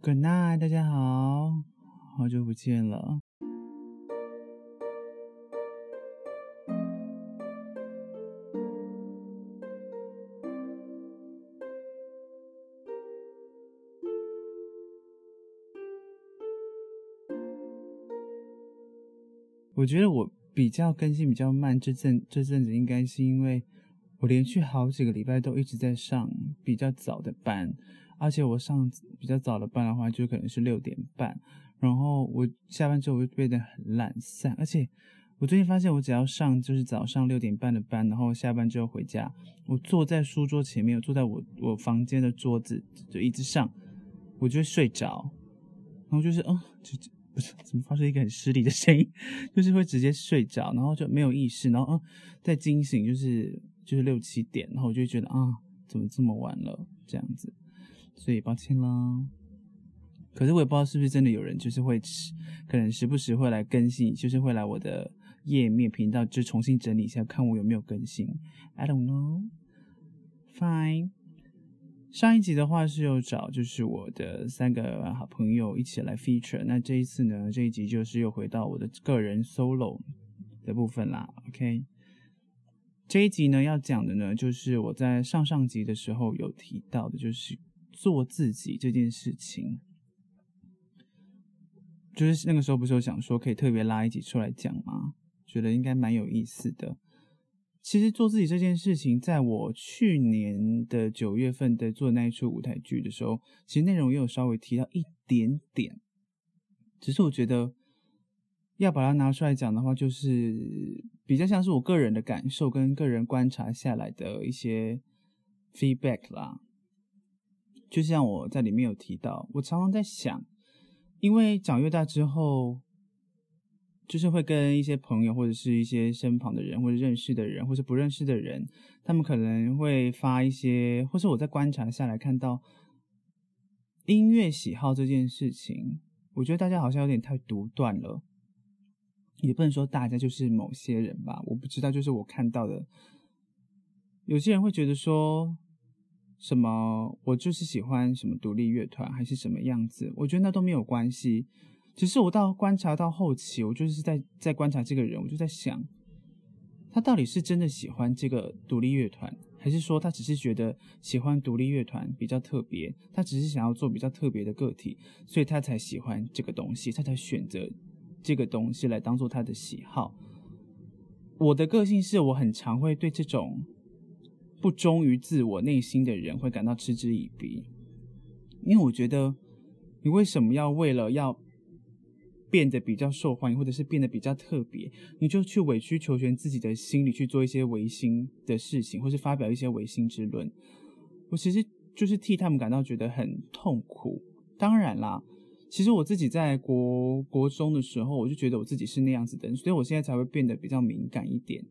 Good night，大家好，好久不見了。我覺得我比較更新比較慢，這陣這陣子應該是因為我連續好幾個禮拜都一直在上比較早的班，而且我上。比較早的班的話，就可能是六點半，然後我下班之後我就變得很懶散，而且我最近發現，我只要上就是早上六點半的班，然後下班之後回家，我坐在書桌前面，我坐在我我房間的桌子就，就一直上，我就會睡着，然後就是嗯、啊，就就不是怎麼發出一個很失禮的聲音，就是會直接睡着，然後就沒有意識，然後嗯，再驚醒就是就是六七點，然後我就覺得啊，怎麼這麼晚了這樣子。所以抱歉啦，可是我也不知道是不是真的有人就是會時，可能時不時會來更新，就是會來我的頁面頻道，就重新整理一下，看我有沒有更新。I don't know. Fine. 上一集的話是有找，就是我的三個好朋友一起來 feature。那這一次呢，這一集就是又回到我的個人 solo 的部分啦。OK，這一集呢要講的呢，就是我在上上集的時候有提到的，就是。做自己這件事情，就是那個時候不是有想說可以特別拉一集出來講嗎？覺得應該蠻有意思的。其實做自己這件事情，在我去年的九月份的做那一齣舞台劇的時候，其實內容也有稍微提到一點點。只是我覺得要把它拿出來講的話，就是比較像是我個人的感受跟個人觀察下來的一些 feedback 啦。就像我在裡面有提到，我常常在想，因為長越大之後，就是會跟一些朋友，或者是一些身旁的人，或者認識的人，或者不認識的人，他們可能會發一些，或是我在觀察下來看到，音樂喜好這件事情，我覺得大家好像有點太獨斷了，也不能說大家就是某些人吧，我不知道，就是我看到的，有些人會覺得說。什麼？我就是喜歡什麼獨立樂團，還是什麼樣子？我覺得那都沒有關係。只是我到觀察到後期，我就是在在觀察這個人，我就在想，他到底是真的喜歡這個獨立樂團，還是說他只是覺得喜歡獨立樂團比較特別？他只是想要做比較特別的個體，所以他才喜歡這個東西，他才選擇這個東西來當做他的喜好。我的個性是我很常會對這種。不忠於自我內心的人會感到嗤之以鼻，因為我覺得你為什麼要為了要變得比較受歡迎，或者是變得比較特別，你就去委曲求全自己的心裡去做一些違心的事情，或是發表一些違心之論。我其實就是替他們感到覺得很痛苦。當然啦，其實我自己在國國中的時候，我就覺得我自己是那樣子的人，所以我現在才會變得比較敏感一點。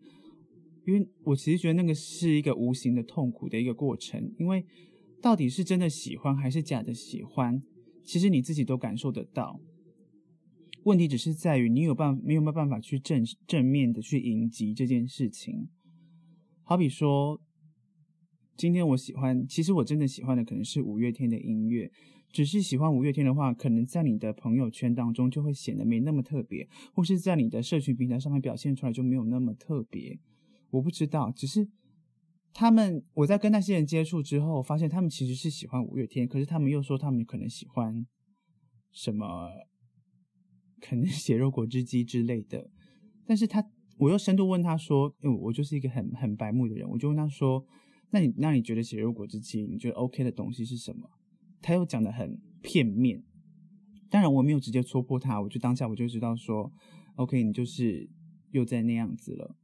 因為我其實覺得那個是一個無形的痛苦的一個過程，因為到底是真的喜歡還是假的喜歡，其實你自己都感受得到。問題只是在於你有辦沒有沒有辦法去正正面的去迎擊這件事情。好比說，今天我喜歡，其實我真的喜歡的可能是五月天的音樂，只是喜歡五月天的話，可能在你的朋友圈當中就會顯得沒那麼特別，或是在你的社群平台上面表現出來就沒有那麼特別。我不知道，只是他們我在跟那些人接觸之後，發現他們其實是喜歡五月天，可是他們又說他們可能喜歡什麼，可能血肉果汁機之類的。但是他我又深度問他說：“因為我就是一個很很白目的人，我就問他說：那你那你覺得血肉果汁機你覺得 OK 的東西是什麼？”他又講的很片面。當然我沒有直接戳破他，我就當下我就知道說：“OK，你就是又在那樣子了。”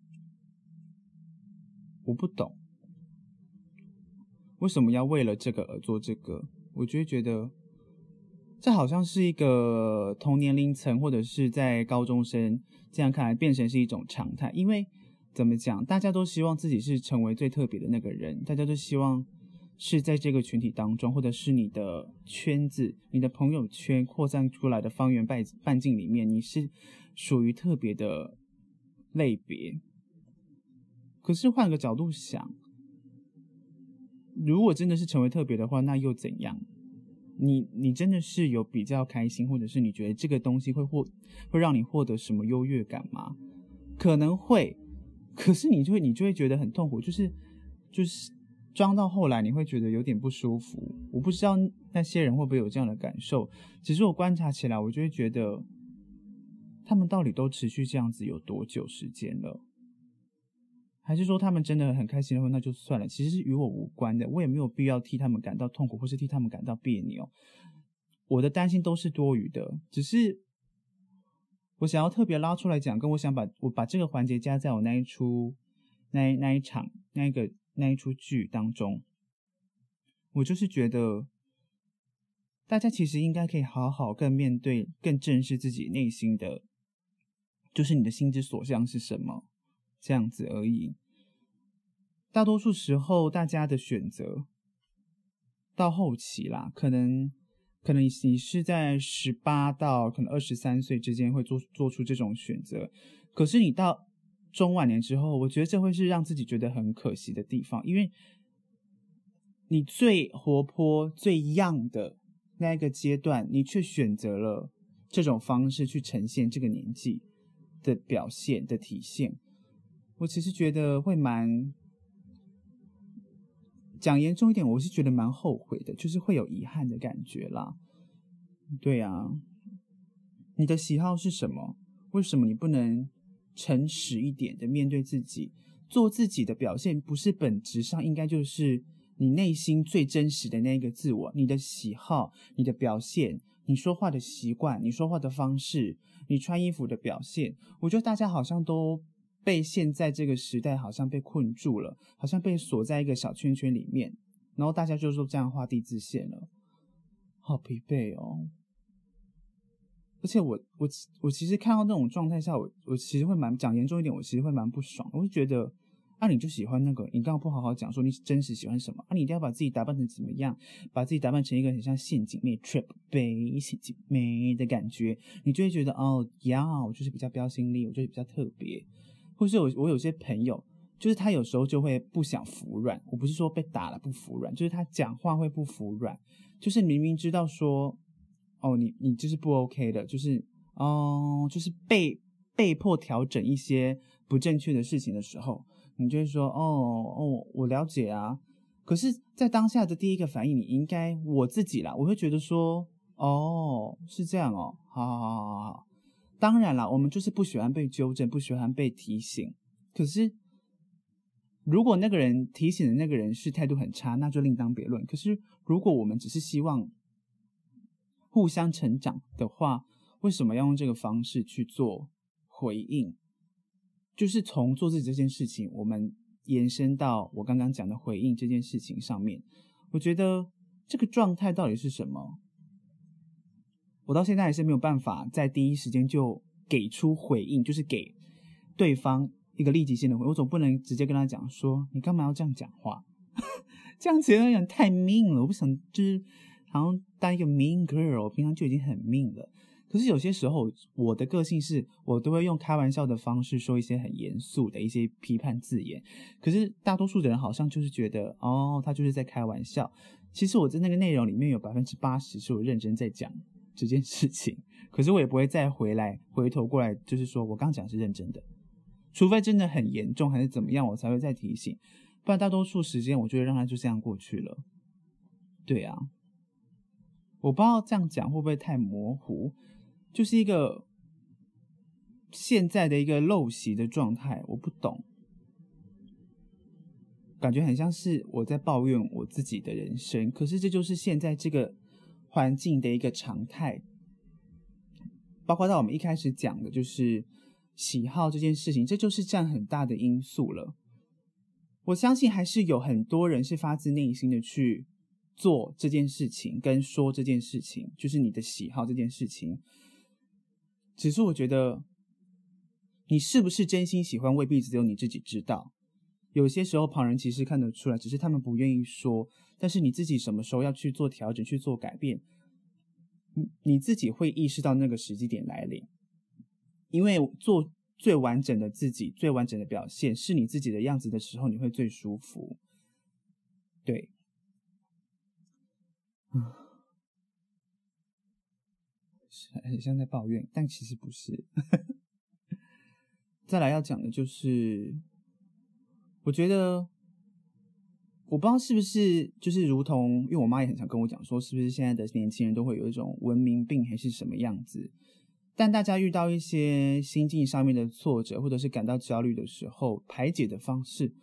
我不懂為什麼要為了這個而做這個，我就會覺得這好像是一個同年齡層或者是在高中生這樣看來變成是一種常態。因為怎麼講，大家都希望自己是成為最特別的那個人，大家都希望是在這個群體當中，或者是你的圈子、你的朋友圈擴散出來的方圓半半徑裡面，你是屬於特別的類別。可是換個角度想，如果真的是成為特別的話，那又怎樣？你你真的是有比較開心，或者是你覺得這個東西會獲，會讓你獲得什麼優越感嗎？可能會，可是你就會你就會覺得很痛苦，就是就是裝到後來你會覺得有點不舒服。我不知道那些人會不會有這樣的感受。只是我觀察起來，我就會覺得他們到底都持續這樣子有多久時間了？還是說他們真的很開心的話，那就算了，其實是與我無關的，我也沒有必要替他們感到痛苦，或是替他們感到別扭。我的擔心都是多餘的，只是我想要特別拉出來講，跟我想把我把這個環節加在我那一出、那那一場、那一個那一出劇當中。我就是覺得，大家其實應該可以好好更面對、更正視自己內心的，就是你的心之所向是什麼。這樣子而已。大多數時候，大家的選擇到後期啦，可能可能你是在十八到可能二十三歲之間會做做出這種選擇，可是你到中晚年之後，我覺得這會是讓自己覺得很可惜的地方，因為你最活潑、最 young 的那個階段，你卻選擇了這種方式去呈現這個年紀的表現的體現。我其實覺得會蠻，講嚴重一點，我是覺得蠻後悔的，就是會有遺憾的感覺啦。對呀、啊，你的喜好是什麼？為什麼你不能誠實一點的面對自己，做自己的表現，不是本質上應該就是你內心最真實的那一個自我。你的喜好、你的表現、你說話的習慣、你說話的方式、你穿衣服的表現，我覺得大家好像都。被現在這個時代好像被困住了，好像被鎖在一個小圈圈裡面，然後大家就說這樣畫地自限了，好疲憊哦。而且我我我其實看到那種狀態下，我我其實會蠻講嚴重一點，我其實會蠻不爽。我就覺得，啊，你就喜歡那個，你剛剛不好好講說你真實喜歡什麼，啊，你一定要把自己打扮成怎麼樣，把自己打扮成一個很像陷阱妹 trip 唄，陷阱妹的感覺，你就會覺得哦，要就是比較標新立異，我就是比較特別。或是我有我有些朋友，就是他有時候就會不想服軟。我不是說被打了不服軟，就是他講話會不服軟，就是明明知道說，哦，你你這是不 OK 的，就是哦，就是被被迫調整一些不正確的事情的時候，你就會說，哦哦，我了解啊。可是，在當下的第一個反應，你應該我自己啦，我會覺得說，哦，是這樣哦，好好好好好。當然了，我們就是不喜歡被糾正，不喜歡被提醒。可是，如果那個人提醒的那個人是態度很差，那就另當別論。可是，如果我們只是希望互相成長的話，為什麼要用這個方式去做回應？就是從做自己這件事情，我們延伸到我剛剛講的回應這件事情上面，我覺得這個狀態到底是什麼？我到現在還是沒有辦法在第一時間就給出回應，就是給對方一個立即性的回應。我總不能直接跟他講說：“你干嘛要這樣講話？” 這樣子有點太 mean 了。我不想就是好像當一個 mean girl，我平常就已經很 mean 了。可是有些時候我的個性是，我都會用開玩笑的方式說一些很嚴肅的一些批判字眼。可是大多數的人好像就是覺得：“哦，他就是在開玩笑。”其實我在那個內容裡面有百分之八十是我認真在講。這件事情，可是我也不會再回來，回頭過來，就是說我剛講是認真的，除非真的很嚴重還是怎麼樣，我才會再提醒，不然大多數時間，我就會讓他就這樣過去了。對啊。我不知道這樣講會不會太模糊，就是一個現在的一個陋習的狀態，我不懂，感覺很像是我在抱怨我自己的人生，可是這就是現在這個。環境的一個常態，包括到我們一開始講的，就是喜好這件事情，這就是佔很大的因素了。我相信還是有很多人是發自內心的去做這件事情，跟說這件事情，就是你的喜好這件事情。只是我覺得，你是不是真心喜歡，未必只有你自己知道。有些時候，旁人其實看得出來，只是他們不願意說。但是你自己什麼時候要去做調整、去做改變，你你自己會意識到那個時機點來臨，因為做最完整的自己、最完整的表現是你自己的樣子的時候，你會最舒服。對，嗯、很像在抱怨，但其實不是。 再來要講的就是，我覺得。我不知道是不是就是如同，因為我媽也很常跟我講說，是不是現在的年輕人都會有一種文明病還是什麼樣子？但大家遇到一些心境上面的挫折或者是感到焦慮的時候，排解的方式，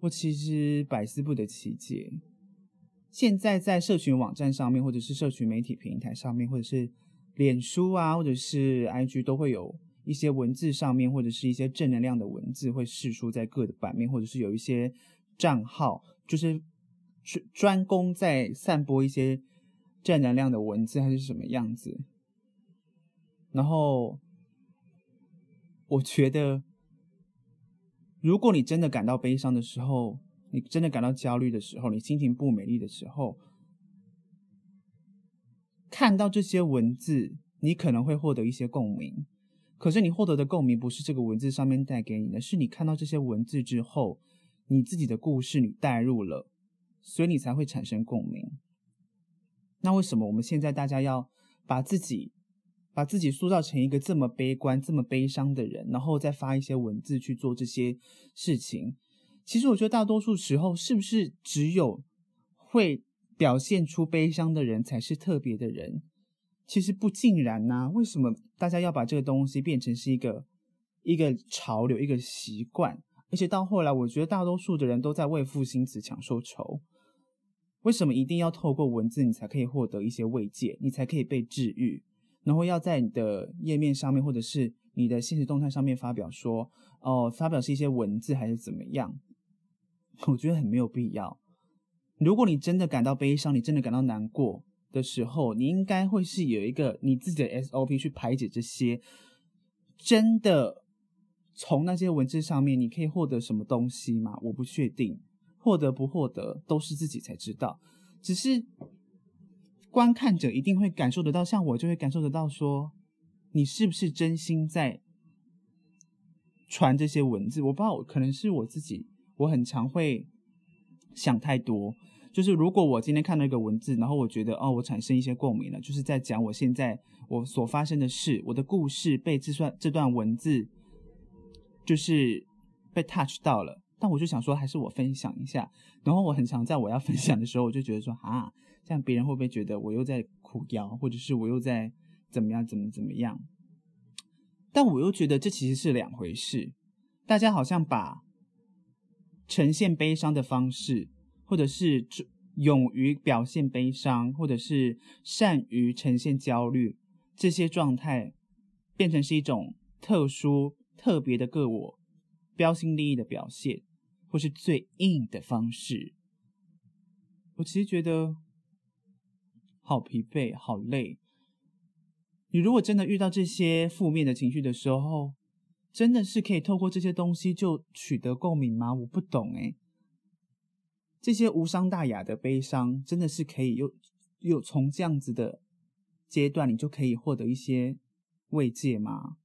我其實百思不得其解。現在在社群網站上面，或者是社群媒體平台上面，或者是臉書啊，或者是 IG 都會有一些文字上面，或者是一些正能量的文字會釋出在各的版面，或者是有一些賬號。就是專專攻在散播一些正能量的文字還是什麼樣子？然後我覺得，如果你真的感到悲傷的時候，你真的感到焦慮的時候，你心情不美麗的時候，看到這些文字，你可能會獲得一些共鳴。可是你獲得的共鳴不是這個文字上面帶給你的，是你看到這些文字之後。你自己的故事，你帶入了，所以你才會產生共鳴。那為什麼我們現在大家要把自己把自己塑造成一個這麼悲觀、這麼悲傷的人，然後再發一些文字去做這些事情？其實我覺得大多數時候，是不是只有會表現出悲傷的人才是特別的人？其實不盡然吶、啊。為什麼大家要把這個東西變成是一個一個潮流、一個習慣？而且到後來，我覺得大多數的人都在為賦新詞強說愁。為什麼一定要透過文字你才可以獲得一些慰藉，你才可以被治癒？然後要在你的頁面上面，或者是你的限時動態上面發表說，哦、呃，發表是一些文字還是怎麼樣？我覺得很沒有必要。如果你真的感到悲傷，你真的感到難過的時候，你應該會是有一個你自己的 SOP 去排解這些，真的。從那些文字上面，你可以獲得什麼東西嗎？我不確定，獲得不獲得都是自己才知道。只是觀看者一定會感受得到，像我就會感受得到說，說你是不是真心在傳這些文字？我不知道，可能是我自己，我很常會想太多。就是如果我今天看到一個文字，然後我覺得哦，我產生一些共鳴了，就是在講我現在我所發生的事，我的故事被這段這段文字。就是被 touch 到了，但我就想說，還是我分享一下。然後我很常在我要分享的時候，我就覺得說啊，這樣別人會不會覺得我又在哭夭，或者是我又在怎麼樣，怎麼怎麼樣？但我又覺得這其實是兩回事。大家好像把呈現悲傷的方式，或者是勇於表現悲傷，或者是善於呈現焦慮這些狀態，變成是一種特殊。特別的個我，標新立異的表現，或是最硬的方式，我其實覺得好疲憊、好累。你如果真的遇到這些負面的情緒的時候，真的是可以透過這些東西就取得共鳴嗎？我不懂，欸，這些無傷大雅的悲傷，真的是可以又又從這樣子的階段，你就可以獲得一些慰藉嗎？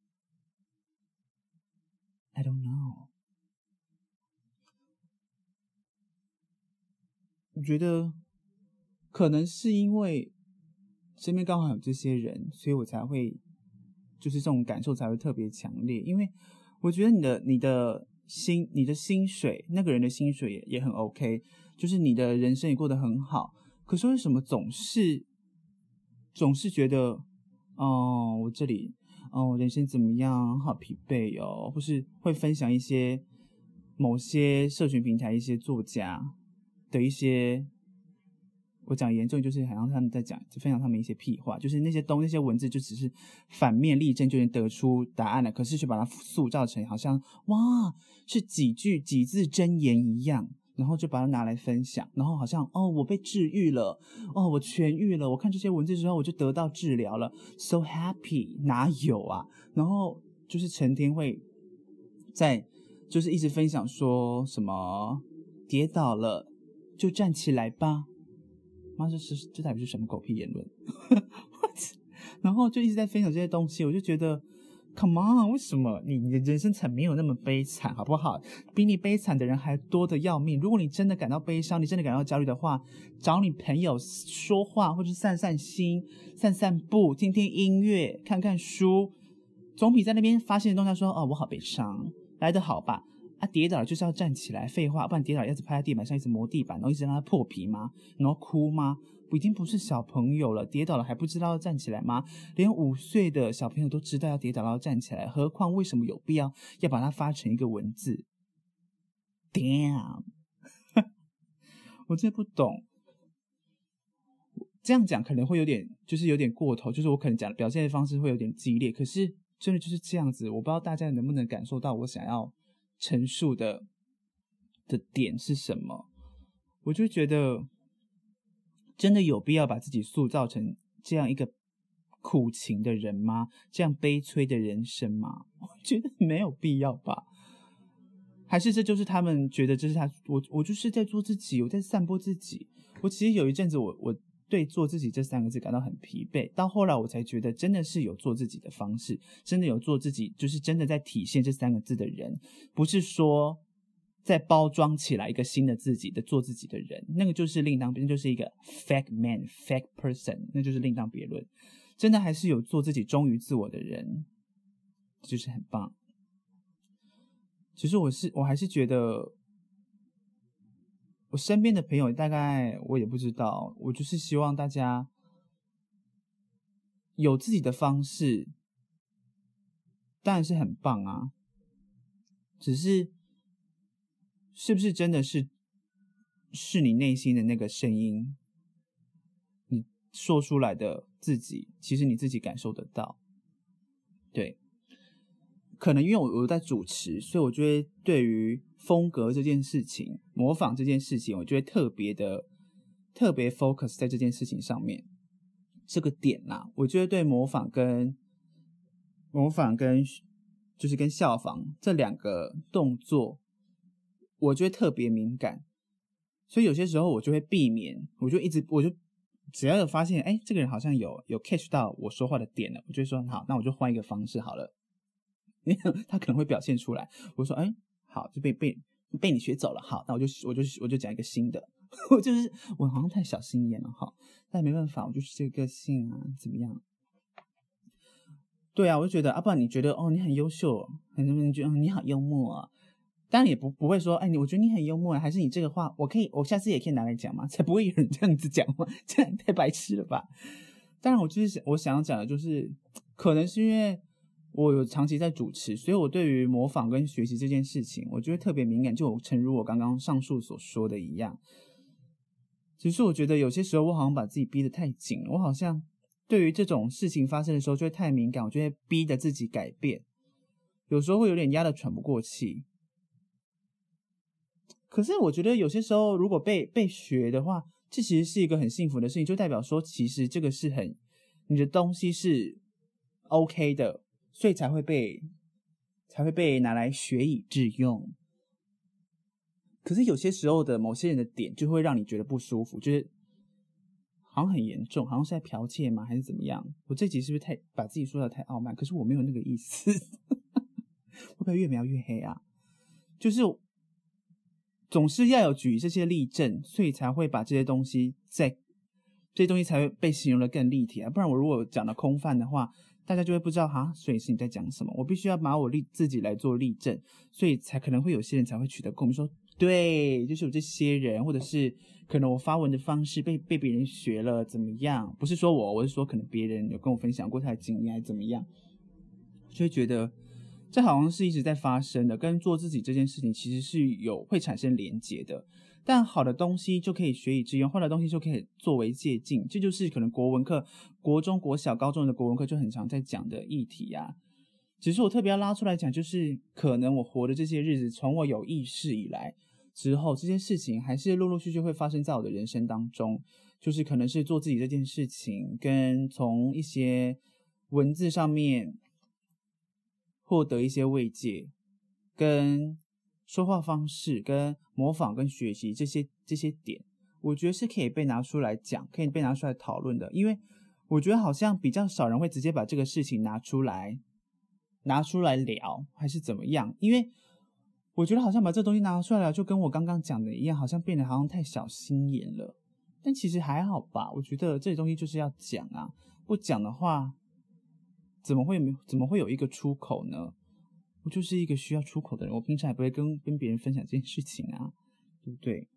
I don't know。我覺得可能是因為身邊剛好有這些人，所以我才會就是這種感受才會特別強烈。因為我覺得你的你的薪，你的薪水，那個人的薪水也也很 OK，就是你的人生也過得很好。可是為什麼總是總是覺得，哦、呃，我這裡。哦，人生怎麼樣？好疲憊喲、哦，或是會分享一些某些社群平台一些作家的一些，我講嚴重就是好像他們在講，就分享他們一些屁話，就是那些東那些文字就只是反面例證就能得出答案了，可是卻把它塑造成好像哇，是幾句幾字真言一樣。然後就把它拿來分享，然後好像哦，我被治癒了，哦，我痊癒了。我看這些文字之後，我就得到治療了，so happy，哪有啊？然後就是成天會在，就是一直分享說什麼跌倒了就站起來吧，媽，這是這代表是什麼狗屁言論？ 然後就一直在分享這些東西，我就覺得。Come on，為什麼你你的人生才沒有那麼悲慘，好不好？比你悲慘的人還多得要命。如果你真的感到悲傷，你真的感到焦慮的話，找你朋友說話，或者散散心、散散步、聽聽音樂、看看書，總比在那邊發洩東西說哦我好悲傷來得好吧。他、啊、跌倒了就是要站起來，廢話，不然跌倒了要一直趴在地板上，一直磨地板，然後一直讓他破皮嗎？然後哭嗎？已經不是小朋友了，跌倒了還不知道要站起來嗎？連五歲的小朋友都知道要跌倒了要站起來，何況為什麼有必要要把它發成一個文字？Damn！我真的不懂。這樣講可能會有點，就是有點過頭，就是我可能講表現的方式會有點激烈，可是真的就是這樣子，我不知道大家能不能感受到我想要。陳述的的點是什麼？我就覺得真的有必要把自己塑造成這樣一個苦情的人嗎？這樣悲催的人生嗎？我覺得沒有必要吧。還是這就是他們覺得這是他，我我就是在做自己，我在散播自己。我其實有一陣子我我。對“做自己”這三個字感到很疲憊，到後來我才覺得真的是有做自己的方式，真的有做自己，就是真的在體現這三個字的人，不是說在包裝起來一個新的自己的做自己的人，那個就是另當別論，那就是一個 fake man，fake person，那就是另當別論。真的還是有做自己、忠於自我的人，就是很棒。其實我是我還是覺得。我身邊的朋友大概我也不知道，我就是希望大家有自己的方式，當然是很棒啊。只是，是不是真的是是你內心的那個聲音？你說出來的自己，其實你自己感受得到，對。可能因為我我在主持，所以我就會對於風格這件事情，模仿這件事情，我就會特別的特別 focus 在這件事情上面。這個點吶，啊，我就會對模仿跟模仿跟就是跟效仿這兩個動作，我就會特別敏感。所以有些時候我就會避免，我就一直我就只要有發現，哎，欸，這個人好像有有 catch 到我說話的點了，我就會說好，那我就換一個方式好了。沒有， 他可能會表現出來，我說：“哎、欸，好，就被被被你學走了。”好，那我就我就我就講一個新的。 我就是我好像太小心眼了，哈。但沒辦法，我就是這個個性啊，怎麼樣？對啊，我就覺得啊，不然你覺得哦，你很優秀，很多人覺得、哦、你好幽默啊。當然也不不會說，哎、欸，你我覺得你很幽默、啊，還是你這個話我可以，我下次也可以拿來講嘛，才不會有人這樣子講話，這 樣太白痴了吧？當然，我就是我想，我想講的就是，可能是因為。我有長期在主持，所以我對於模仿跟學習這件事情，我覺得特別敏感。就我，誠如我剛剛上述所說的一樣，只是我覺得有些時候我好像把自己逼得太緊，我好像對於這種事情發生的時候就會太敏感，我就會逼得自己改變，有時候會有點壓得喘不過氣。可是我覺得有些時候如果被被學的話，這其實是一個很幸福的事情，就代表說其實這個是很，你的東西是 OK 的。所以才會被，才會被拿來學以致用。可是有些時候的某些人的點，就會讓你覺得不舒服，就是好像很嚴重，好像是在剽竊嗎，還是怎麼樣？我這集是不是太把自己說的太傲慢？可是我沒有那個意思，會不會越描越黑啊？就是總是要有舉這些例證，所以才會把這些東西在，這些東西才會被形容的更立體啊。不然我如果講的空泛的話。大家就會不知道哈，所以是你在講什麼？我必須要把我立自己來做例證，所以才可能會有些人才會取得共鳴。說對，就是有這些人，或者是可能我發文的方式被被別人學了，怎麼樣？不是說我，我是說可能別人有跟我分享過他的經驗，還怎麼樣？所以覺得這好像是一直在發生的，跟做自己這件事情其實是有會產生連接的。但好的東西就可以學以致用，壞的東西就可以作為借鑑，這就是可能國文課、國中、國小、高中的國文課就很常在講的議題呀、啊。只是我特別要拉出來講，就是可能我活的這些日子，從我有意識以來之後，這件事情還是陸陸續續會發生在我的人生當中，就是可能是做自己這件事情，跟從一些文字上面獲得一些慰藉，跟，說話方式跟模仿跟學習這些這些點，我覺得是可以被拿出來講，可以被拿出來討論的。因為我覺得好像比較少人會直接把這個事情拿出來拿出來聊，還是怎麼樣？因為我覺得好像把這東西拿出來了，就跟我剛剛講的一樣，好像變得好像太小心眼了。但其實還好吧，我覺得這些東西就是要講啊，不講的話，怎麼會怎麼會有一個出口呢？我就是一個需要出口的人，我平常也不會跟跟別人分享這件事情啊，對不對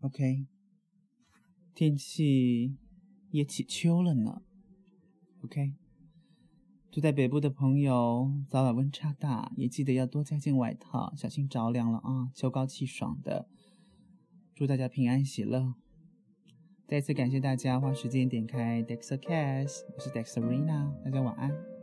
？OK，天氣也起秋了呢，OK，住在北部的朋友早晚溫差大，也記得要多加件外套，小心着涼了啊！秋高氣爽的，祝大家平安喜樂。再次感謝大家花時間點開 DAXERCAST，我是 Daxerina，大家晚安。